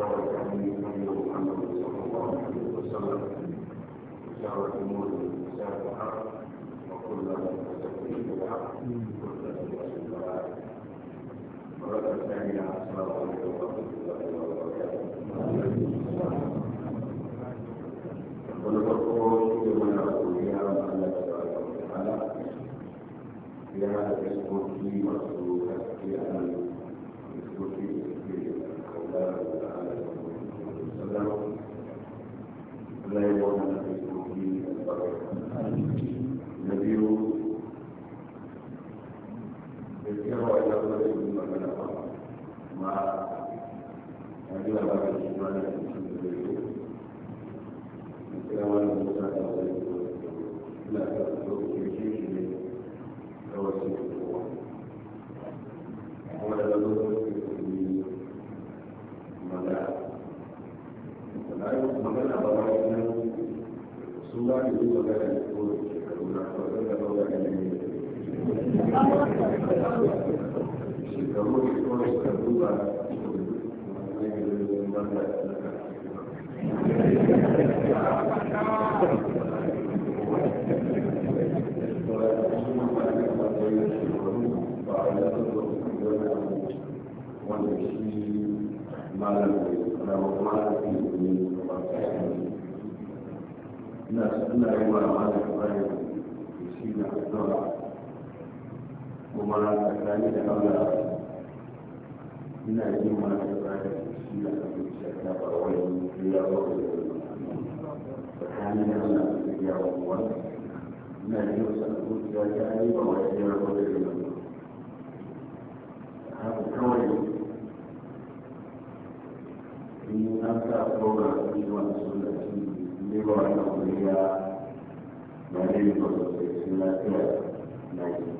وخير الحديث صلى الله عليه وسلم وشر الامور محدثاتها وكل محدثه بدعه وكل بدعه ضلاله ورد الثانيه السلام عليكم ورحمه الله وبركاته ونفقه من رسولها الله تبارك وتعالى في هذا الاسم في مسؤوليه kuma tsakani da allah ina yin mana tsakani shi da abinci ta ba wani ya ba da tsakani da allah da ya ba wani ina yin wasu abubuwa ta yi ba wani ya ba da haka kawai in an sa program shi wani sun da shi ne ba wani abu ya ba ne ba sosai sun lafiya na yi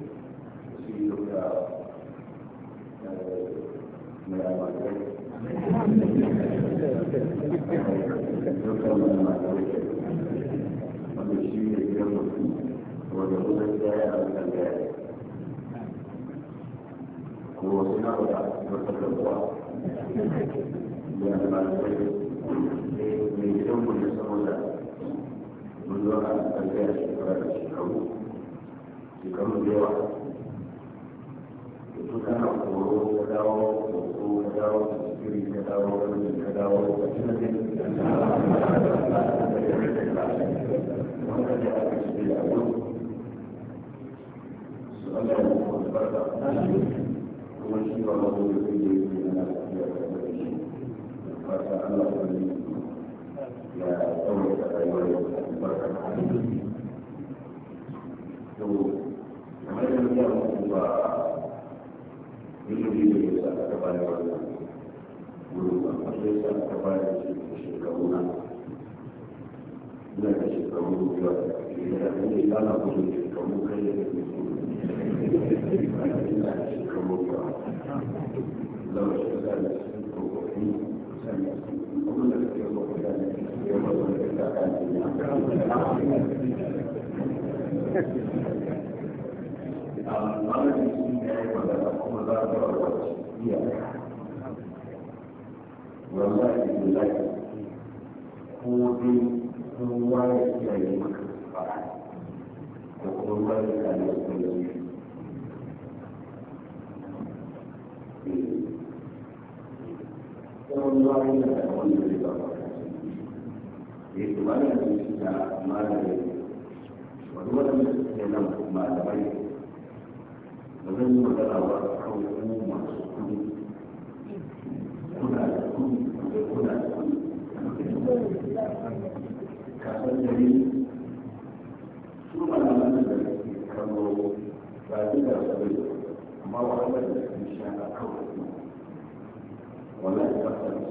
shi da shi ne kuma da ya a ɗan ɗaya shekara da shekaru shekaru da yawa kana koro ka dawo koro ka dawo ka jikiri ka dawo ka jin ka dawo ka wani su ya kuma wallahi billahi ko dai kowa ya kiyaye maka fara ko bayan da ta wanda zai ba ya yi ba da shi da malami wani waɗanda suke nan malamai ba zan yi magana ba kawai kuma masu kuɗi kuna da kuɗi da kuna da kuɗi kasar da ni su malaman da suke kallo ba duk da su amma a kawai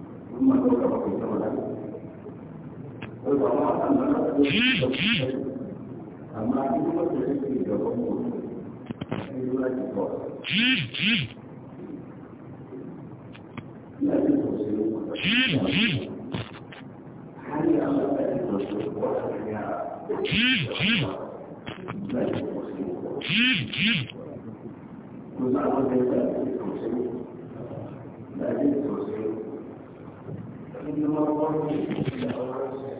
amma duk wanda yake da gwamnati sai zuwa da gwamnati ina jin tausayin gwamnati har yi amma da jin tausayin gwamnati ya ina jin tausayin gwamnati ko za a wanda ya jin tausayin na jin tausayin kuma ma gwamnati da gwamnati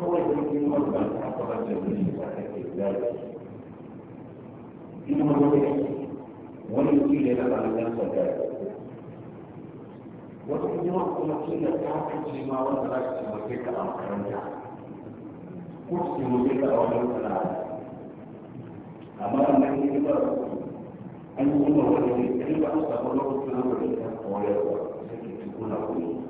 kawai da mutum wani ba ta haka ba da wani ba ta ke da ina wani wani mutum da yana ba da ɗan sanda wata kuma kuma tun da ta haka ma wanda za su taimake ka a makaranta ko su taimake ka a wajen sana'a amma wannan ba an yi kuma wani ne ba su samu lokacin da ya koyarwa sai ke tukuna kuma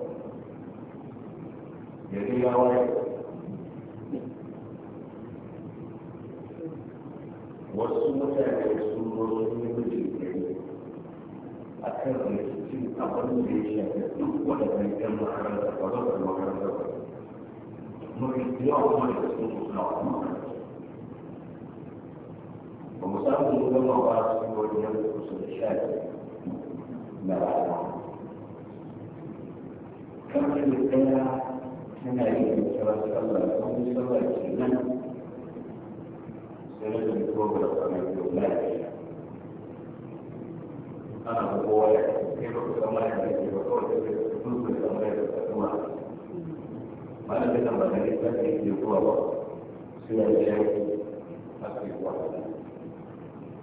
gari ya wasu mutane sun zo sun yi mijin gari a kan rikicin abin da ya shafi duk waɗannan ƴan makaranta ba za su makaranta ba mafi yawa kuma da sun zo suna wata makaranta ba mu samu gama suna yi da kira yi sallah ke nan sai rashin program a mai kyau lafiya ana kowa ya kai ba ku kama ya ke ba kawai da ke sun su kama ya ka kuma mana da kan ba na yi ta ke ke ba suna da yau a ke kuwa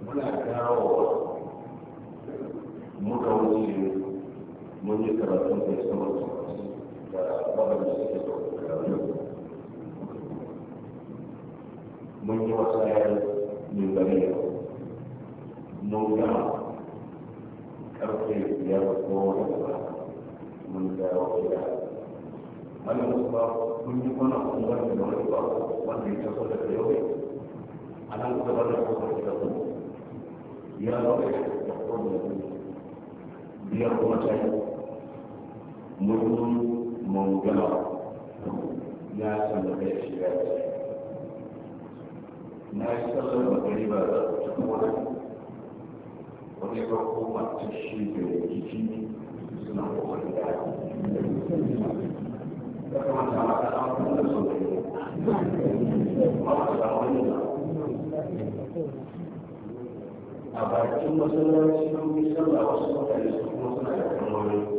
muna kawo muka wuce mun yi karatun da ya sama da waɗanda suke da mun yi wasu ayar min bariya mun gama karfe biyar ko wani ba mun dawo gida wani musu ba mun yi kwana kun wani da wani ba wanda ya taso da yau a nan kusa ba da kusa gida ku ya zo da kuma biyar kuma ta yi mun mun gama na samu da shi ya ce na yi sallar magani ba da kuma wani ba ko masu shi da rikici suna kokarin da ya kamata mata an kuma da sau da yau ba ma da wani ba a bakin masallaci don sallah wasu mutane su kuma suna da kalmomi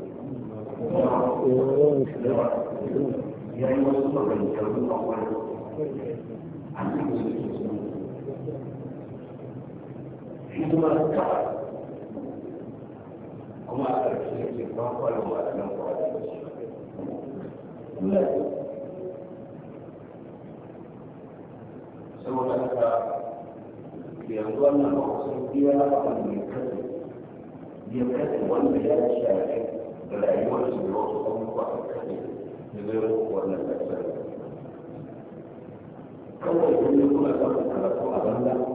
حينما ذكر وما أدرك شيء الله ولا هو أعلم ولا سوى لك بأن الله سبحانه وتعالى يكذب يكذب والبيان da zai rufe wannan ƙasar kawai wanda kuma samun karatu a banda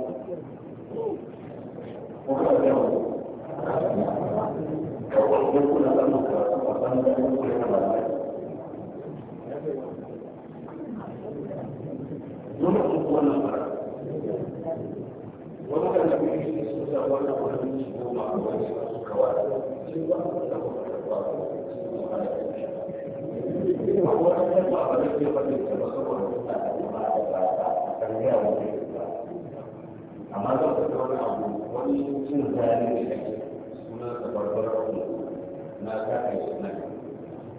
cin zalin da ake suna da barbar kuma na kaɗa shi na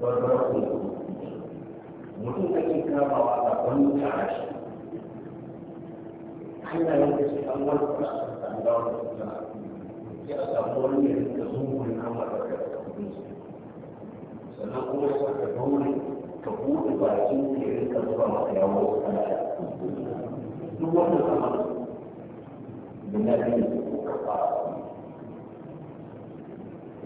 barbar kuma mutum ake kamawa a wani tarashi hanyar yanka shi an wani kwasa a kan gawar da suna ya samu wani yanzu da zungurin kama da karfa sannan kuma ya saka dole ka buɗe bakin ka rinka zuba maka yawo a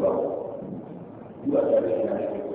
ba ba da ne na shi ko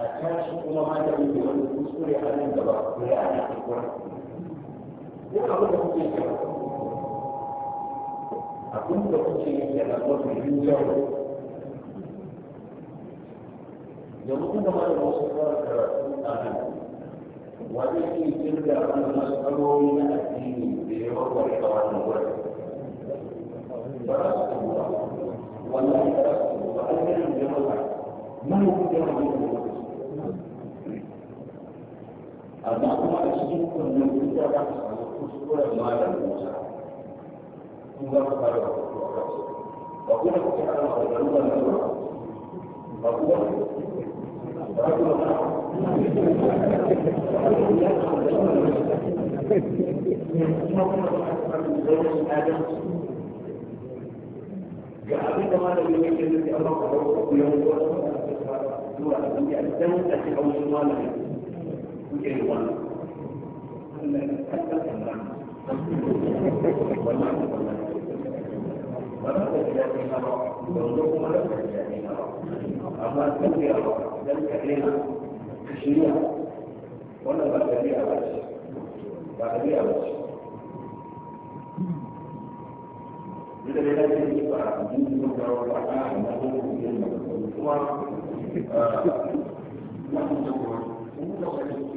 a tashi kuma ma da muke wani kuskure a nan gaba ko ya ana kuskure duk abin da kuke yi abin da yi da da wasu karatu a nan wani ke na addini da ya a wurin ba za su kuma wannan ba yi ma amma kuma a cikin kunnen duk da za ka samu kuskuren malam musa kun za ka fara da kuskure a kansu ba kuma ka ce ana da garuruwan da ba ba kuma ba kuma ba ga abin da malamin yake nufi an ba ku da wasu kuma yawan zuwa zuwa a duniya don a cikin wasu malamin irin wannan Allah ya tabbatar da wannan wannan ba za ka ji daɗi na ba ba zo kuma za ka ji daɗi na ba amma tafiya ba dan ka daina ka shirya wannan ba tafiya ba ce ba tafiya ba ce إذا لا يجب على الدين والرعاة أنه يجب على الدين ثم نحن نقول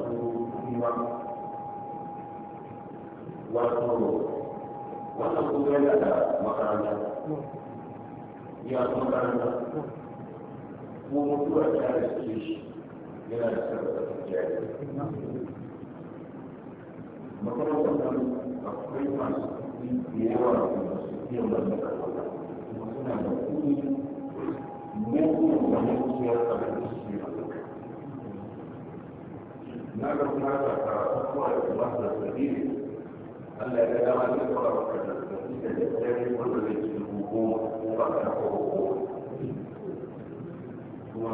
kuma wato kuma yana da makaranta ya kuma makaranta ko mutuwa ta da suke shi yana da sarrafa jari makarantar nan akwai masu da yawa da masu biyan wannan karfata kuma suna da kuɗi mugun da mutuwar abin da da kuma ta karatu kuma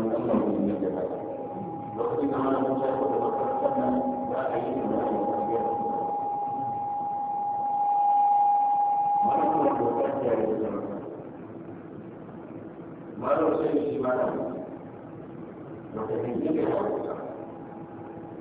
da kuma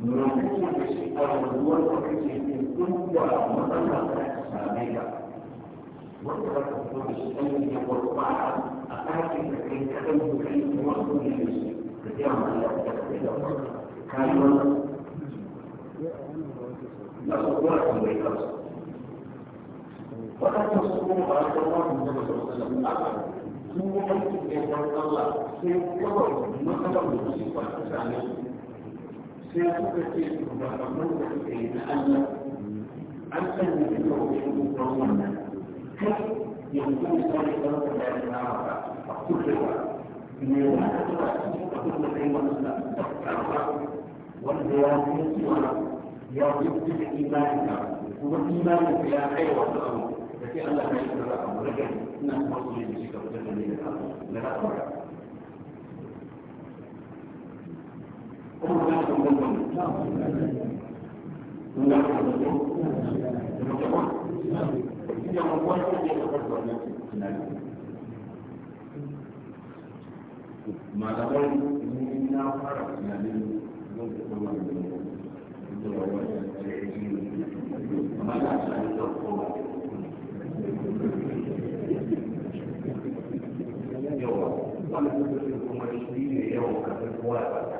me kake a rayuwar da kake yin ka a da ka ba da ba sai suka ce shugabannin da suka yi na Allah an san da suka wuce mutuwan wannan kai yanzu ne kawai ɗan ka da ya nama ka a kusurwa me ya ka zuwa cikin abin da kai masu da ƙarfa wanda ya fi cewa ya fi cikin imanin ka kuma imanin ka ya kai wasu abu da sai Allah ya yi kaza abu rage ina kuma su ne da shi ka fitar da ne da ka da ka malamai ni kuma wani yawa kuma shi ne yawan kowa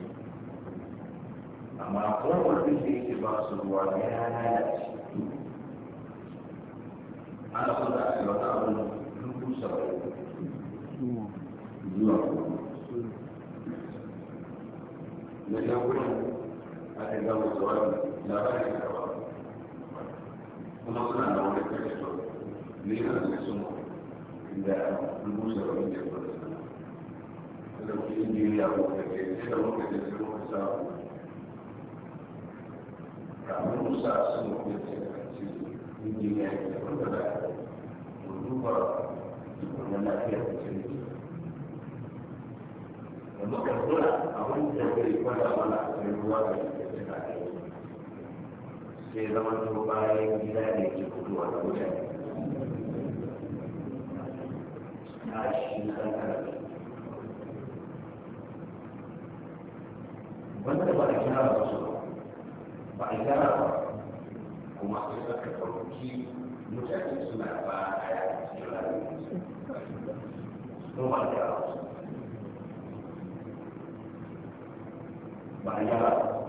amma kowane da yake ba su ruwa ya lalace ana so da ake wata abin dubu saba'in zuwa na yankunan a kan gama zuwa labarin da ba kuma suna da wani kashe ne yana da sun da dubu saba'in da ya kwanta da kuma yin jiriya ko kake sai da wani kake sai da sa'a kafin musa sun yi ce injiniya ya kuma da duba wannan lafiya da ce ne da muka tura a wanda zai kwada mana a cikin ruwa da ke cika da sai zama to bayan gida da ke kudu a mutane a shi kan karatu kuma sai aka ɗauki mutane suna ba a yaƙi suna da yanzu sun wanda ba a yara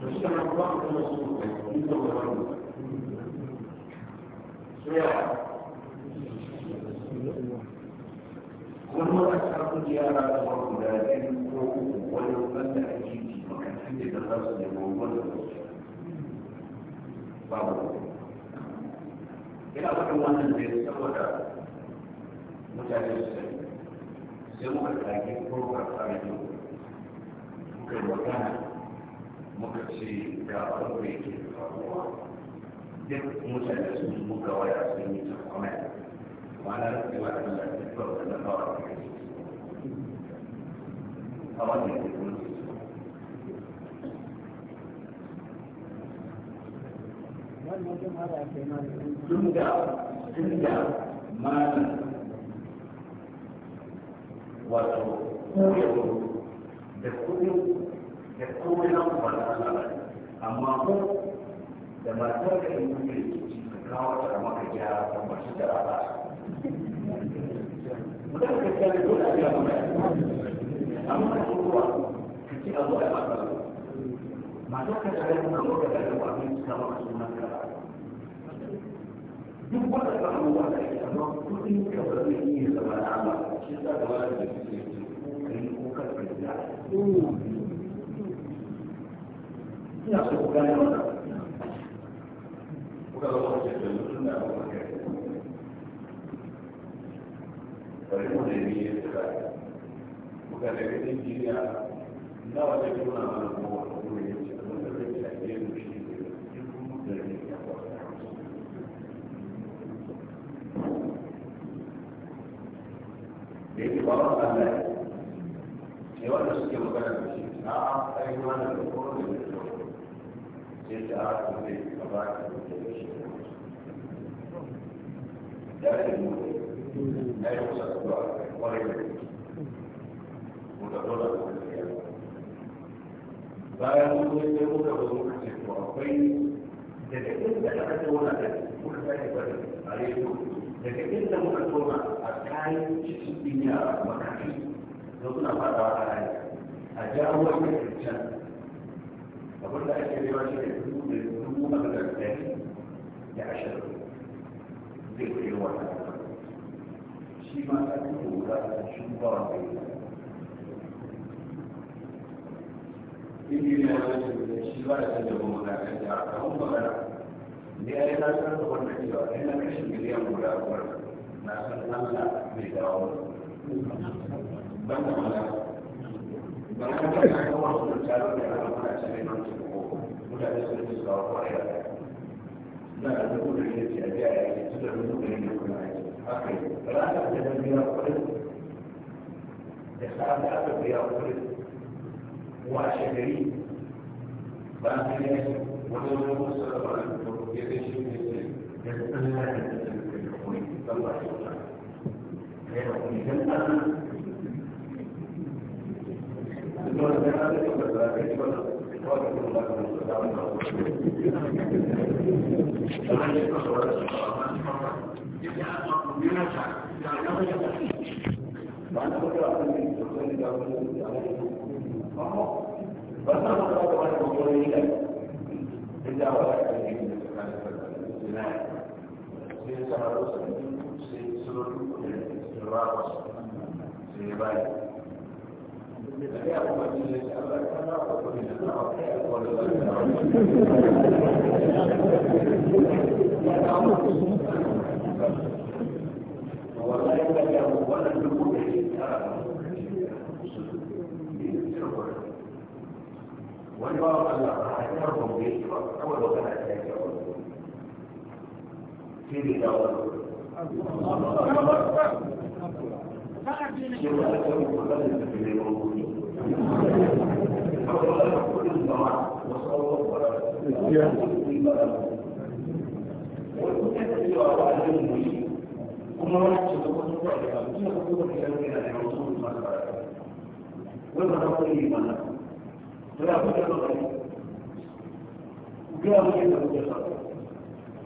da shi kama kuma kuma su da yi da wani suna kuma kuma a cikin yara da wani guda biyu ko wani kan wannan ne saboda mutane su sani sai muka muka yi magana muka ce ga abin da yake faruwa duk mutane waya sun yi da lafiya da na da a wannan duk da tunda mana wato koyo da kuɗi da na kuma amma ko da matar da in kawo ta maka gyara ta masu da ba da da amma ka kuwa a zuwa ya matar matar da ya kuma da kuma da maka da 用过来，用过来，什么不是用这个原因？怎么着？其实我就是故意不客气一点，故意。你要是不干那么我感觉不解决，就是那方面。反正我也没意思我感觉这个东西那我就不那么干 Allah ya ce wanda suke magana da shi na ai wani da kuma da sai da aka zai gaba da da shi ya yi kusa da da dole ya bayan mun yi ce akwai da da inda aka da yi daga inda muka koma a kayan cikin duniya a makafi da suna fadawa a rayu a jawo wani kirkicen abin da ake rewa shi da dubu da dubu a da dari da ashirin zai kuri wata shi ma a duka wuta a cikin bawa mai yi ne yana da shi ba da kan da ba da kan da a kan magana ne ya yi nasarar da wannan cewa ne na kashe miliyan guda kuma na san Allah mai dawo ban da mala ban da mala kan kuma su taro da yana mana cire nan su ko mutane sun ji zuwa kwarai na da dubu da ne ce a biya ya yi su da dubu da ne kuma ya yi haka yi ranar da na biya kwarai da sa'ad da aka biya kwarai washe gari ba a yi wani wani wasu da gobe shi da Allah da da wani ba Allah ba a yi da ya ba kawai ba kana ta yi في الدولة ولا بد من ذلك وكان يجب ان يصدق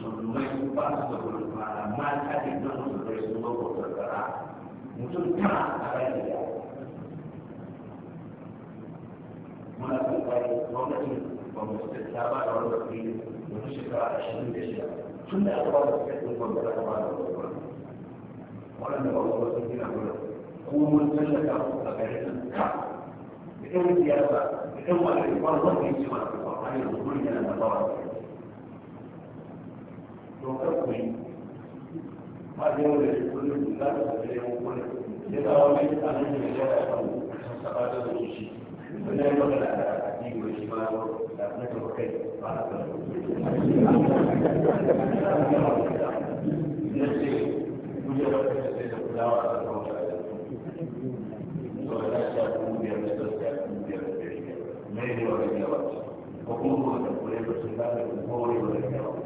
musulmai su ba su da gudu mana mata ne na musulmai sun zo ko karkara mutum tana a rai da yawa muna kokari gwamnatin ba mu ta ba da wani wasu ne mutum shekara ashirin da shida tun da aka ba da suka yi gwamnati da aka ba da wasu ba waɗanda ba wasu sun gina gudu kuma mun tallata a garin nan ka da ɗan siyasa da ɗan wani ba wani ne ce ma da kuma hanyar gudu yana da bawa to kar yi ma da yau da shi kullum za ka da yau kullum ya dawo mai tsanin da ya da a saba da shi wanda ya maka da addini da shi ma da na gaba kai ba na kan na ce kuje ba ta sai da kulawa a kan wata da su to da shi a kuma biyar da sassa a kuma biyar da biyar mai ne wa rage wa ko kuma kuma da kure ba sun zaɓa da kowane wa rage wa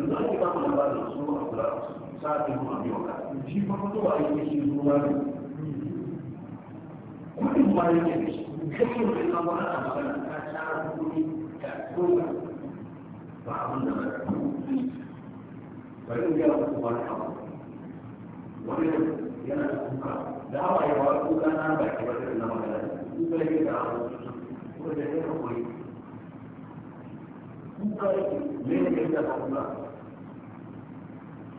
yanzu ake ba mu labarin su a kula sa ta yi mu biyo ka shi fa ko ba ake shi zuwa ne kudin ma yake da shi kake da kamar a magana ta tsara kudi ta kowa ba abin da ba bari in gaya muku wani abu wani yana da kuka da hawa yawa kuka na baki wata na magana kuka yake da abu kuka da yake hakuri kuka yake ne yake da hakuri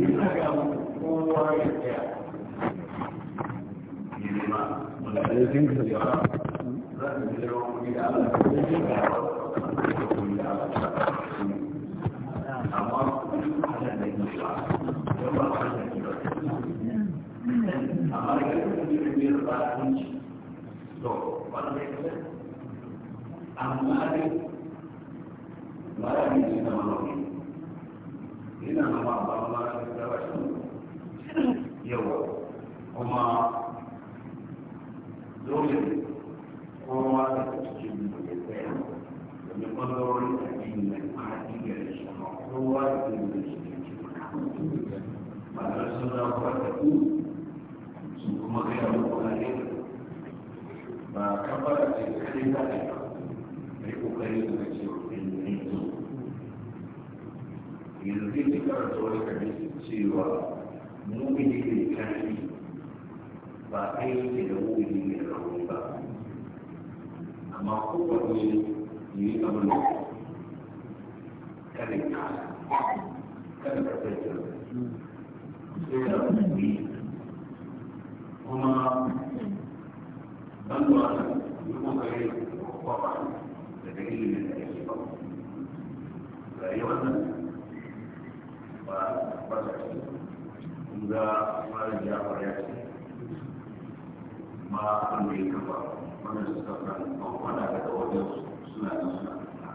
yana ga kowa ya tsaya ya nema wanda ne yi abin da kada ka kada ka sai ta kare kuma ban da wannan yi kokari da kwafa da dalilin da ake ba rayuwar ba ba ta ce kun ga mara jafar ya ce ma abin da ya kafa wanda suka kwana daga wajen suna da suna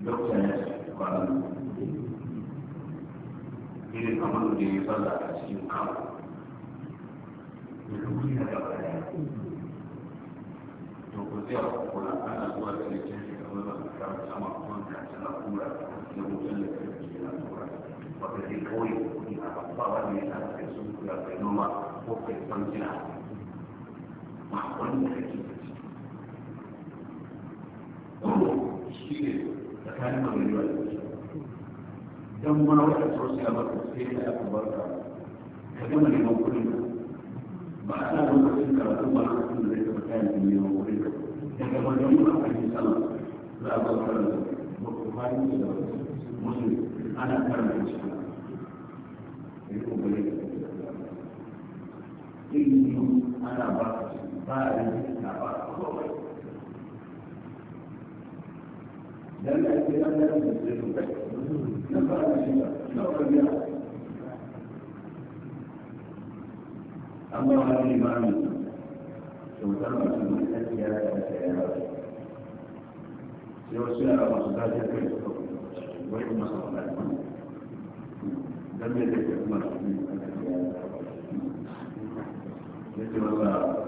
dokta ya ce kwanan irin kamar da ya tsalla a cikin kawo da kuma yana da baya to ku zai wa ana zuwa da ne cikin kamar da ta kawo sama kuma ta tana kura da mutum da ke na tura ba ka zai kawai kuɗi a ba ne ya sa ka sun kula kai noma ko kai yi. ba wanda kake da shi ko shi ne tsakanin magana da shi dan ma wata sosai a baka sai da aka barka ka gama neman kuɗin ka ba a sa lokacin karatu ba lokacin da zai taɓa kayan da neman kuɗin ka daga wajen mu a kan sama za a baka da ba ku fahimci da musulmi ana karanta shi ya yi ƙoƙarin da ilimi ana ba ka shi ba a rijista ba komai dan da da nan da ba a ba nan ba amma wani imani kyautar masu mutakiya da ake ba. sai wasu yara masu zafi kai su wai kuma sa wani alman dan da zai kuma su ne a ya ce ba.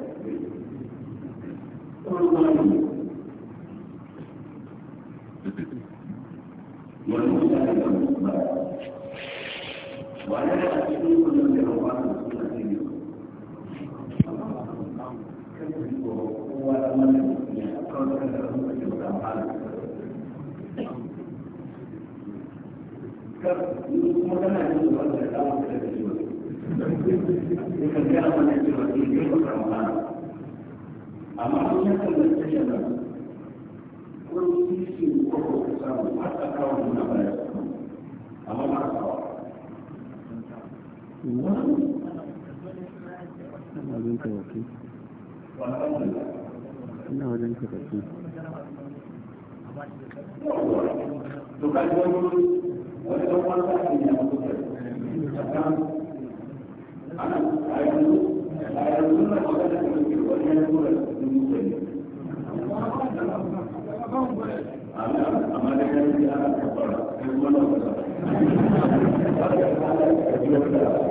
ina wajen karatu ina Thank you.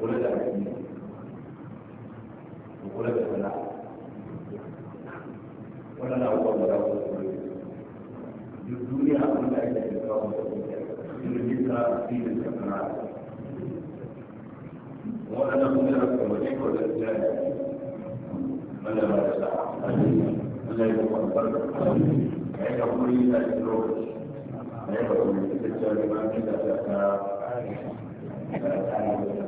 kula da addini mu kula da sana'a wannan abubuwan da za su kula da duk duniya abin da ake da kawo da dinin da sana'a waɗannan kuma da kuma ne ko da tsaya wanda ba da sa'a Allah ya kuma barka ya yi hakuri da shi lokaci ya yi hakuri da shi da ta ta ta ta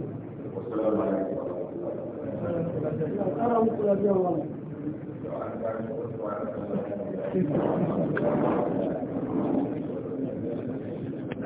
Thank you.